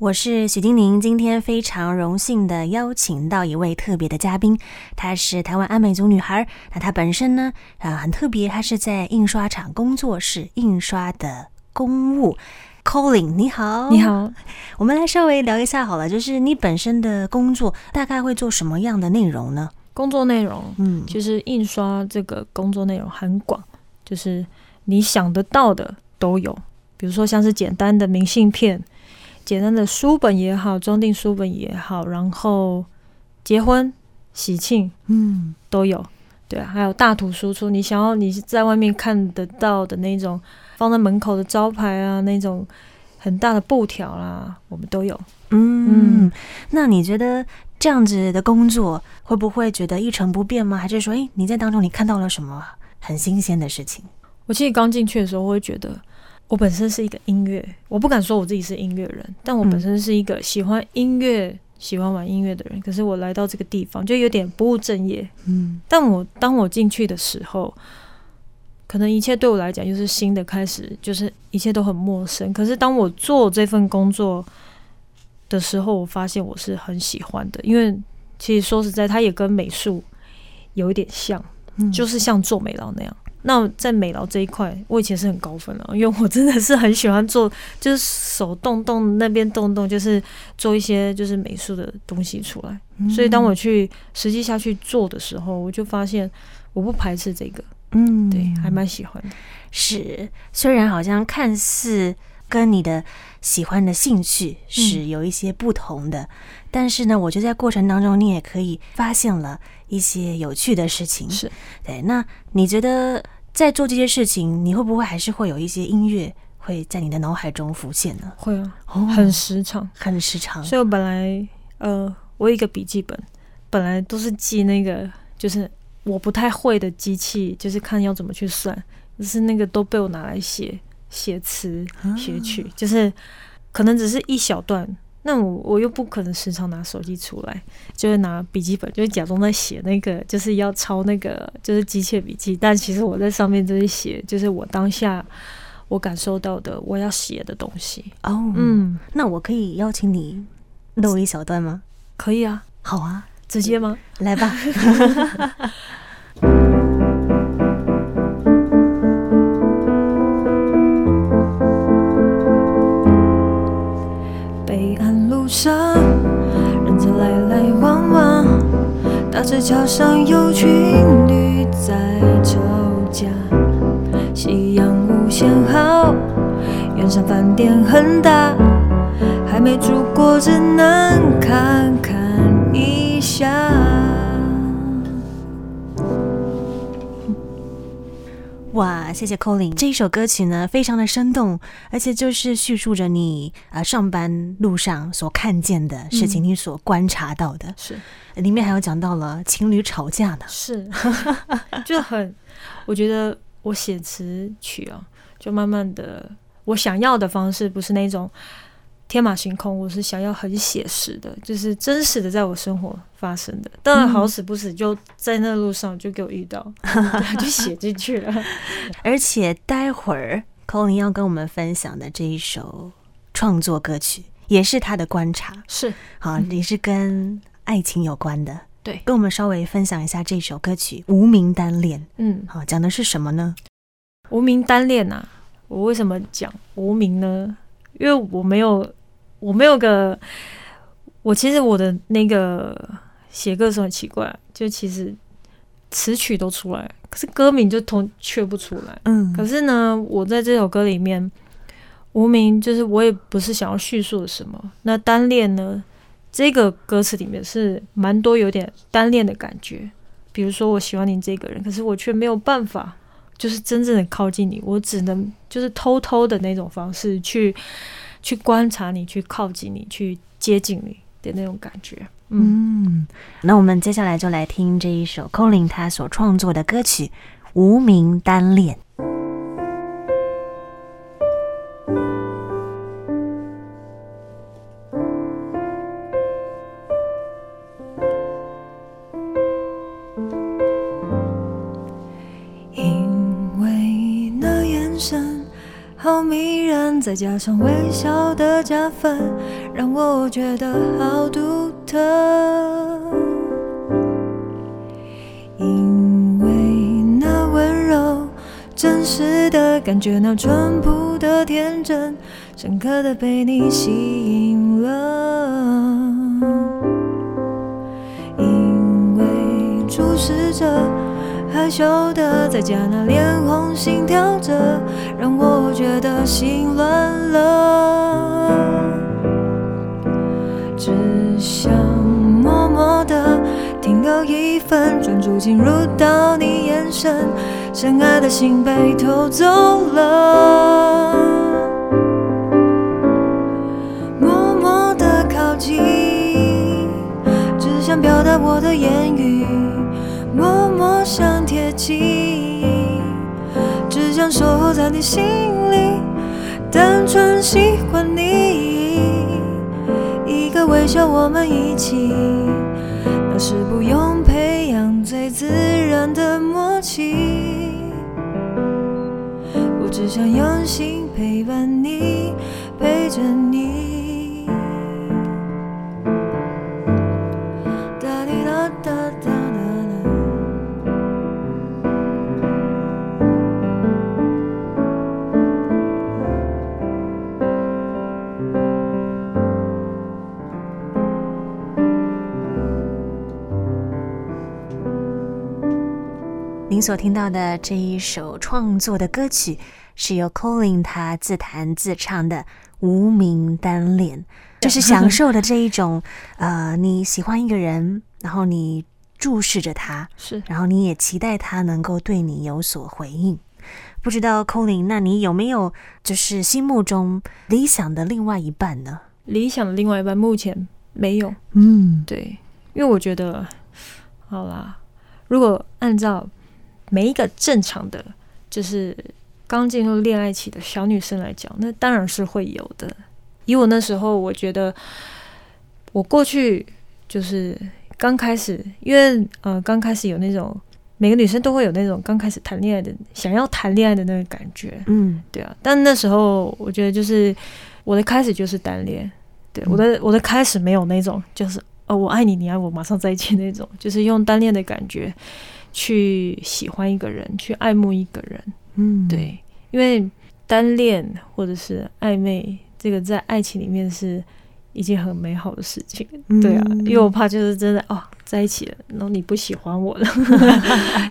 我是許金寧，今天非常榮幸的邀請到一位特別的嘉賓，她是台灣阿美族女孩。那她本身呢，啊、呃，很特別，她是在印刷廠工作室印刷的工務。Colin，你好，你好。我們來稍微聊一下好了，就是你本身的工作大概會做什麼樣的內容呢？工作內容，嗯，其實印刷這個工作內容很廣，就是你想得到的都有，比如說像是簡單的明信片。簡單的書本也好，裝訂書本也好，然後結婚喜慶，嗯，都有，嗯、對啊，還有大圖輸出，你想要你在外面看得到的那種，放在門口的招牌啊，那種很大的布條啦、啊，我們都有。嗯，嗯，那你覺得這樣子的工作會不會覺得一成不變嗎？還是說，誒、欸，你在當中你看到了什麼很新鮮的事情？我其實剛進去的時候，我會覺得。我本身是一個音樂，我不敢說我自己是音樂人，但我本身是一個喜歡音樂、嗯、喜歡玩音樂的人。可是我來到這個地方，就有點不務正業。嗯，但我當我進去的時候，可能一切對我來講就是新的開始，就是一切都很陌生。可是當我做這份工作的時候，我發現我是很喜歡的，因為其實說實在，它也跟美術有一點像，嗯、就是像做美勞那樣。那在美勞這一塊，我以前是很高分了，啊，因為我真的是很喜歡做，就是手動動那邊動動，就是做一些就是美術的東西出來。嗯、所以當我去實際下去做的時候，我就發現我不排斥這個，嗯，對，還蠻喜歡的，嗯。是，雖然好像看似跟你的喜歡的興趣是有一些不同的。嗯但是呢，我覺得在過程當中，你也可以發現了一些有趣的事情。是，對。那你覺得在做這些事情，你會不會還是會有一些音樂會在你的腦海中浮現呢？會啊，哦、很時常，很時常。所以我本來，呃，我有一個筆記本，本來都是記那個，就是我不太會的機器，就是看要怎麼去算，就是那個都被我拿來寫寫詞、寫、啊、曲，就是可能只是一小段。那我我又不可能時常拿手機出來，就是拿筆記本，就是假裝在寫那個，就是要抄那個，就是機械筆記。但其實我在上面就是寫，就是我當下我感受到的，我要寫的東西。哦，oh, 嗯，那我可以邀請你錄一小段嗎？可以啊，好啊，直接嗎？來吧。 上，人潮來來往往，大石橋上有情侶在吵架。夕陽無限好，圓山飯店很大，還沒住過，只能看看一下。哇，謝謝 Colin，這一首歌曲呢，非常的生動，而且就是敘述着你啊、呃、上班路上所看見的事情，嗯、你所觀察到的，是裡面還有講到了情侶吵架的，是就很， 我覺得我寫詞曲啊，就慢慢的，我想要的方式不是那種。天馬行空，我是想要很寫實的，就是真實的在我生活發生的。當然，好死不死就在那路上就給我遇到，嗯啊、就寫進去了。 而且待會兒 Colin 要跟我們分享的這一首創作歌曲，也是他的觀察，是好，也是跟愛情有關的。對、嗯，跟我們稍微分享一下這首歌曲《對無名單戀》。嗯，好，講的是什麼呢？無名單戀啊，我為什麼講無名呢？因為我沒有。我沒有個，我其實我的那個寫歌時候很奇怪，就其實詞曲都出來，可是歌名就同卻不出來。嗯，可是呢，我在這首歌裡面，無名就是我也不是想要敘述什麼。那單戀呢，這個歌詞裡面是蠻多有點單戀的感覺，比如說我喜歡你這個人，可是我卻沒有辦法，就是真正的靠近你，我只能就是偷偷的那種方式去。去觀察你，去靠近你，去接近你的那種感覺。嗯，嗯，那我們接下來就來聽這一首 Colin 他所創作的歌曲《無名單戀》。因為那眼神，好迷人，再加上微笑的加分，讓我覺得好獨特。因為那溫柔、真實的感覺，那淳樸的天真，深刻的被你吸引了。因為注視着你。害羞的，在家那臉紅心跳着，讓我覺得心亂了。只想默默的停留一分鐘，就進入到你眼神，深愛的心被偷走了。默默的靠近，只想表達我的言語。默默想貼近，只想守候在你心裡，單純喜歡你。一個微笑，我們一起，那是不用培養最自然的默契。我只想用心陪伴你，陪着你。所聽到的這一首創作的歌曲，是由 Colin 他自彈自唱的《無名單戀》，就是享受的這一種， 呃，你喜歡一個人，然後你注視着他，是，然後你也期待他能夠對你有所回應。不知道 Colin，那你有沒有就是心目中理想的另外一半呢？理想的另外一半，目前沒有。嗯，對，因為我覺得，好啦，如果按照每一個正常的，就是剛進入戀愛期的小女生來講，那當然是會有的。以我那時候，我覺得我過去就是剛開始，因為呃，剛開始有那種每個女生都會有那種剛開始談戀愛的想要談戀愛的那個感覺。嗯，對啊。但那時候我覺得，就是我的開始就是單戀。對，嗯、我的我的開始沒有那種，就是哦，我愛你，你愛我，馬上在一起那種，就是用單戀的感覺，去喜歡一個人，去愛慕一個人，嗯，對，因為單戀或者是曖昧，這個在愛情裡面是一件很美好的事情，嗯、對啊，因為我怕就是真的哦，在一起了，然後你不喜歡我了，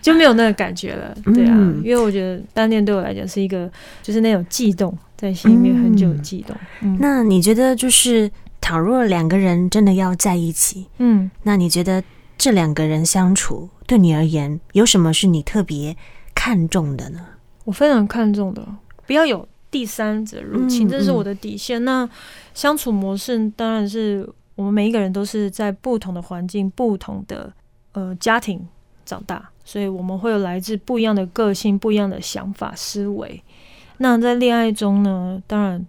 就沒有那個感覺了，嗯、對啊，因為我覺得單戀對我來講是一個，就是那種悸動，在心裡面很久的悸動，嗯。那你覺得，就是倘若兩個人真的要在一起，嗯，那你覺得這兩個人相處？對你而言，有什麼是你特別看重的呢？我非常看重的，不要有第三者入侵，嗯嗯、這是我的底線。那相處模式當然是我們每一個人都是在不同的環境、不同的呃家庭長大，所以我們會有來自不一樣的個性、不一樣的想法、思維。那在戀愛中呢，當然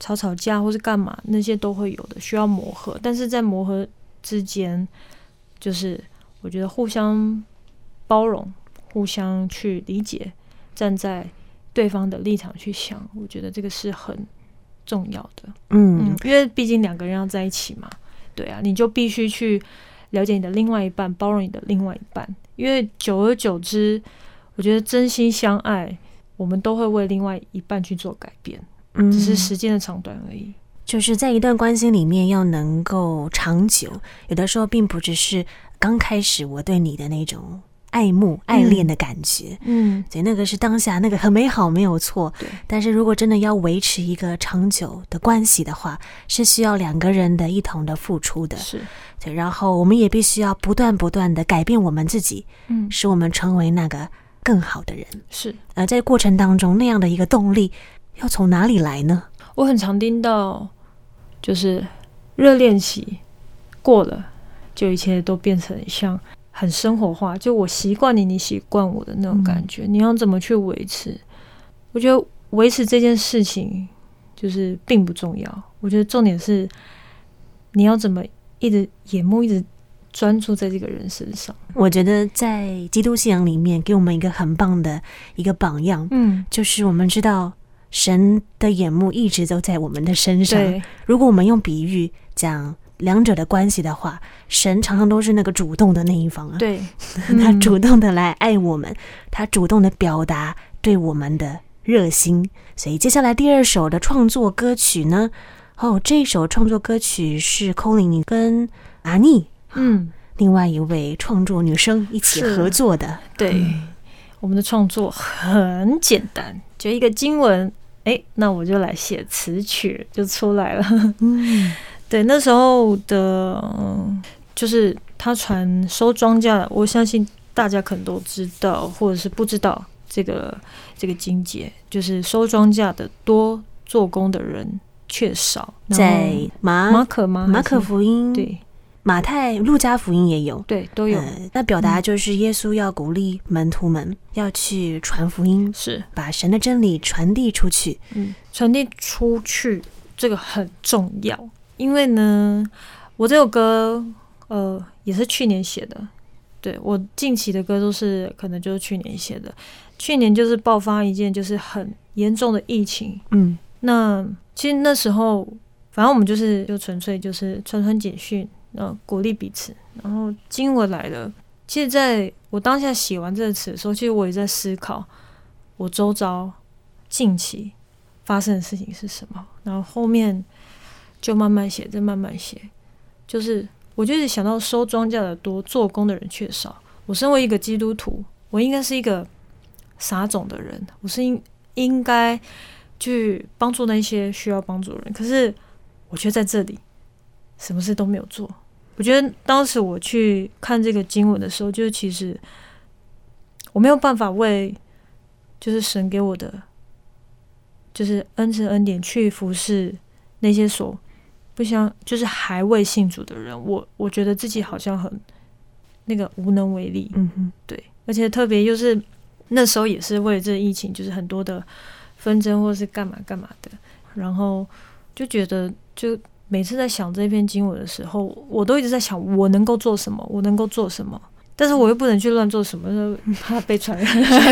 吵吵架或是幹嘛那些都會有的，需要磨合。但是在磨合之間，就是。我覺得互相包容、互相去理解、站在對方的立場去想，我覺得這個是很重要的。嗯，因為畢竟兩個人要在一起嘛，對啊，你就必須去了解你的另外一半，包容你的另外一半。因為久而久之，我覺得真心相愛，我們都會為另外一半去做改變，嗯，只是時間的長短而已。就是在一段關係裡面要能夠長久，有的時候並不只是。剛開始我對你的那種愛慕、愛戀的感覺，嗯，對、嗯、那個是當下那個很美好，沒有錯。對，但是如果真的要維持一個長久的關係的話，是需要兩個人的一同的付出的。是對，然後我們也必須要不斷不斷的改變我們自己，嗯，使我們成為那個更好的人。是而、呃、在過程當中那樣的一個動力要從哪裡來呢？我很常聽到，就是熱戀期過了。就一切都變成像很生活化，就我習慣你，你習慣我的那種感覺。嗯，你要怎麼去維持？我覺得維持這件事情就是並不重要。我覺得重點是你要怎麼一直眼目一直專注在這個人身上。我覺得在基督信仰裡面，給我們一個很棒的一個榜樣，嗯，就是我們知道神的眼目一直都在我們的身上。對如果我們用比喻講。兩者的關係的話，神常常都是那個主動的那一方啊。對，嗯、 他主動的來愛我們，他主動的表達對我們的熱心。所以接下來第二首的創作歌曲呢，哦，這首創作歌曲是 Colin 跟阿妮，嗯，另外一位創作女生一起合作的。對，嗯、我們的創作很簡單，就一個經文，哎，那我就來寫詞曲，就出來了。嗯對，那時候的，嗯、就是他傳收莊稼的，我相信大家可能都知道，或者是不知道這個這個經節就是收莊稼的多做工，的人卻少。在馬馬可嗎？馬可福音，對，馬太路加福音也有，對，都有。呃、那表達就是耶穌要鼓勵門徒們要去傳福音，是、嗯、把神的真理傳遞出去。嗯，傳遞出去這個很重要。因為呢，我這首歌呃也是去年寫的，對，我近期的歌都是可能就是去年寫的。去年就是爆發一件就是很嚴重的疫情，嗯，那其實那時候反正我們就是就純粹就是傳傳簡訊，呃鼓勵彼此。然後經我來了，其實在我當下寫完這個詞的時候，其實我也在思考我周遭近期發生的事情是什麼。然後後面。就慢慢寫，再慢慢寫。就是，我就是想到收莊稼的多，做工的人卻少。我身為一個基督徒，我應該是一個撒種的人，我是應應該去幫助那些需要幫助的人。可是，我卻在這裡，什麼事都沒有做。我覺得當時我去看這個經文的時候，就是其實我沒有辦法為，就是神給我的，就是恩賜恩典去服侍那些所。不像就是還未信主的人，我我覺得自己好像很那個無能為力，嗯哼，對，而且特別就是那時候也是為了這個疫情，就是很多的紛爭或是幹嘛幹嘛的，然後就覺得就每次在想這篇經文的時候，我都一直在想我能夠做什麼，我能夠做什麼，但是我又不能去亂做什麼，怕被傳染。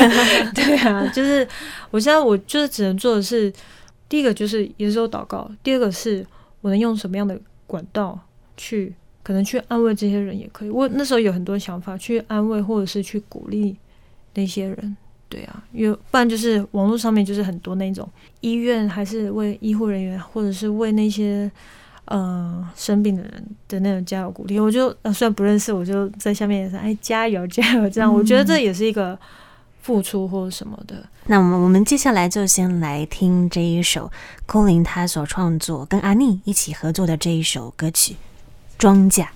對啊， 就是我現在我就是只能做的是第一個就是，是有時候禱告，第二個是。我能用什麼樣的管道去，可能去安慰這些人也可以。我那時候有很多想法去安慰，或者是去鼓勵那些人，對啊，因為不然就是網絡上面就是很多那種醫院還是為醫護人員，或者是為那些呃生病的人的那種加油鼓勵。我就雖然不認識，我就在下面也是哎加油加油這樣。嗯、我覺得這也是一個。付出或什麼的，那我們我們接下來就先來聽這一首 Colin 他所創作跟阿妮一起合作的這一首歌曲《莊稼》。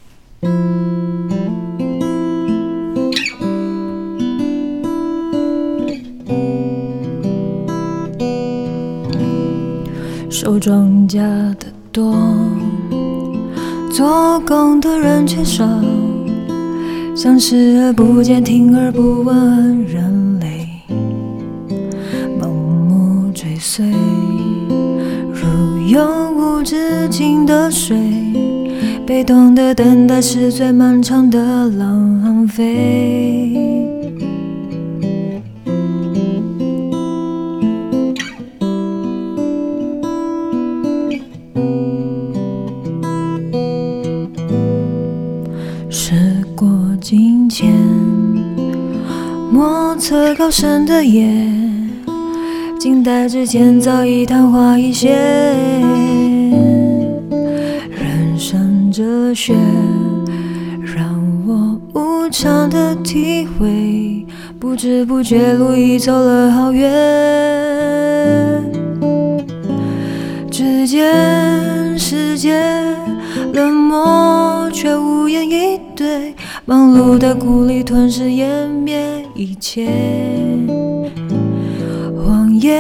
收莊稼的多，做工的人卻少，像視而不見、聽而不聞人，碎如永無止境的水，被動的等待是最漫長的浪費。時過境遷，莫測高深的眼。近代之前早已曇花一現。人生哲學讓我無常的體會，不知不覺路已走了好遠。指間、世界冷漠，卻無言以對。忙碌的孤立，吞噬湮滅，滅一切。也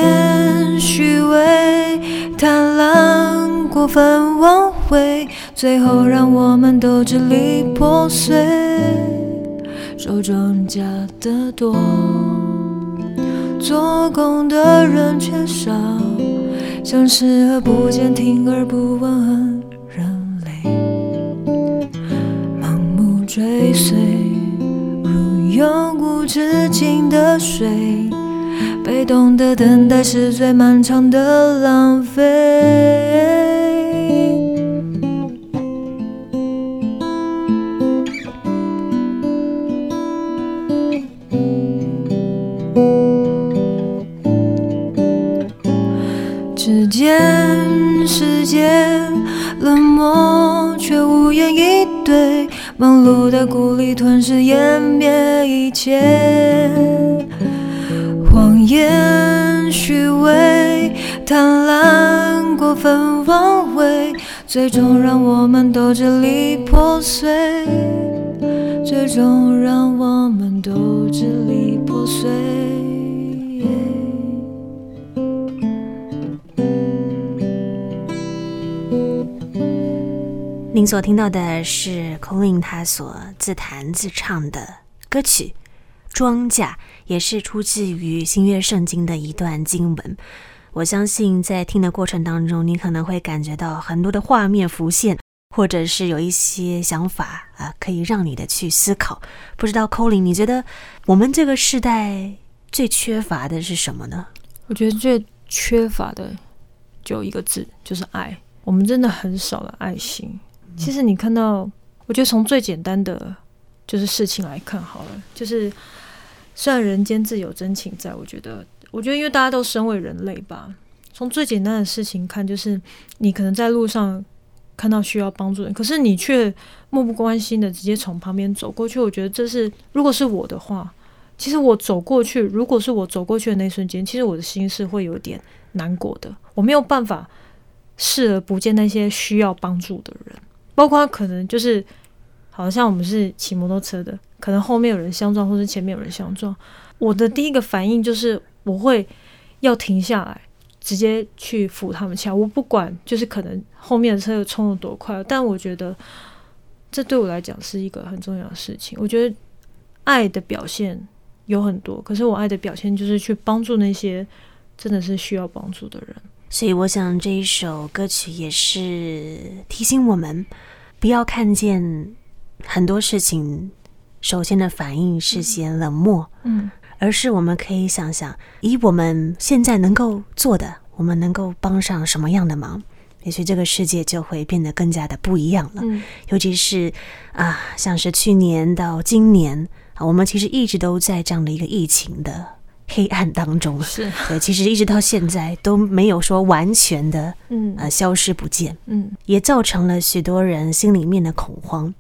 虛偽，貪婪，過分挽回，最後讓我們都支離破碎。收莊稼的多，做工的人卻少，像視而不見、聽而不聞的人類，盲目追隨，如永無止境的水。被動的等待是最漫長的浪費。只見世界冷漠，卻無言以對，忙碌的孤立吞噬湮滅一切。演虛偽，貪婪，過分，妄為，最終讓我們都支離破碎，最終讓我們都支離破碎。您所聽到的是 Colin 他所自彈自唱的歌曲。莊稼也是出自於新約聖經的一段經文。我相信在聽的過程當中，你可能會感覺到很多的畫面浮現，或者是有一些想法啊，可以讓你的去思考。不知道 Colin，你覺得我們這個世代最缺乏的是什麼呢？我覺得最缺乏的就一個字，就是愛。我們真的很少了愛心。嗯、其實你看到，我覺得從最簡單的就是事情來看好了，就是。雖然人間自有真情在，我覺得，我覺得，因為大家都身為人類吧，從最簡單的事情看，就是你可能在路上看到需要幫助的人，可是你卻漠不關心的直接從旁邊走過去。我覺得這是，如果是我的話，其實我走過去，如果是我走過去的那一瞬間，其實我的心是會有點難過的，我沒有辦法視而不見那些需要幫助的人，包括可能就是好像我們是騎摩托車的，可能後面有人相撞，或者前面有人相撞，我的第一個反應就是我會要停下來，直接去扶他們起來。我不管，就是可能後面的車又衝得多快，但我覺得這對我來講是一個很重要的事情。我覺得愛的表現有很多，可是我愛的表現就是去幫助那些真的是需要幫助的人。所以我想這一首歌曲也是提醒我們，不要看見很多事情，首先的反應是嫌冷漠，嗯，嗯，而是我們可以想想，以我們現在能夠做的，我們能夠幫上什麼樣的忙，也許這個世界就會變得更加的不一樣了。嗯，尤其是，啊，像是去年到今年啊，我們其實一直都在這樣的一個疫情的黑暗當中，是對，其實一直到現在都沒有說完全的，嗯，啊、呃，消失不見，嗯，也造成了許多人心裡面的恐慌。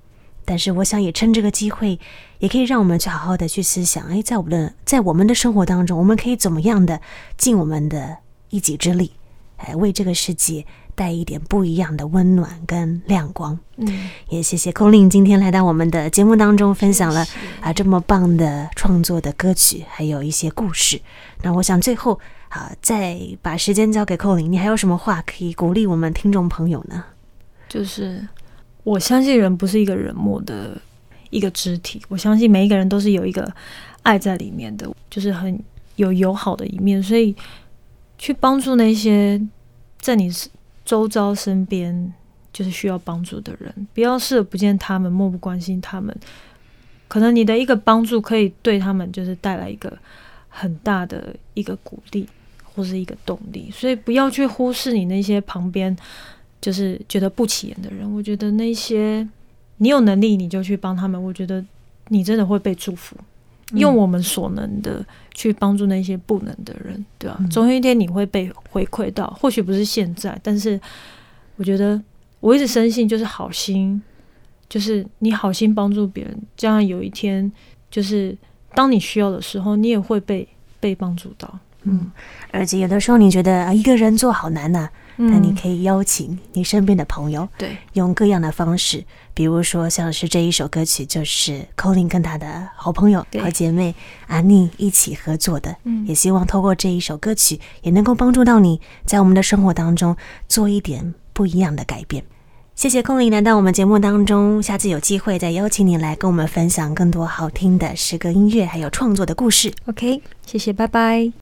但是我想也趁這個機會，也可以讓我們去好好的去思想，哎，在我們的在我們的生活當中，我們可以怎麼樣的盡我們的一己之力，哎，為這個世界帶一點不一樣的溫暖跟亮光。嗯，也謝謝 Colin 今天來到我們的節目當中，分享了謝謝啊這麼棒的創作的歌曲，還有一些故事。那我想最後啊，再把時間交給 Colin，你還有什麼話可以鼓勵我們聽眾朋友呢？就是。我相信人不是一個冷漠的一個肢體，我相信每一個人都是有一個愛在裡面的，就是很有友好的一面。所以，去幫助那些在你周遭身邊就是需要幫助的人，不要視而不見他們，漠不關心他們。可能你的一個幫助可以對他們就是帶來一個很大的一個鼓勵或是一個動力，所以不要去忽視你那些旁邊。就是覺得不起眼的人，我覺得那些你有能力你就去幫他們，我覺得你真的會被祝福。嗯、用我們所能的去幫助那些不能的人，對吧、啊？總有、嗯、一天你會被回饋到，或許不是現在，但是我覺得我一直深信，就是好心，就是你好心幫助別人，這樣有一天就是當你需要的時候，你也會被被幫助到。嗯，而且有的時候你覺得一個人做好難吶、啊，那、嗯、你可以邀請你身邊的朋友，對，用各樣的方式，對比如說像是這一首歌曲，就是 Colin 跟他的好朋友，對好姐妹阿妮一起合作的。嗯，也希望透過這一首歌曲，也能夠幫助到你在我們的生活當中做一點不一樣的改變。對謝謝 Colin，來到我們節目當中，下次有機會再邀請你來跟我們分享更多好聽的詩歌、音樂，還有創作的故事。OK，謝謝，拜拜。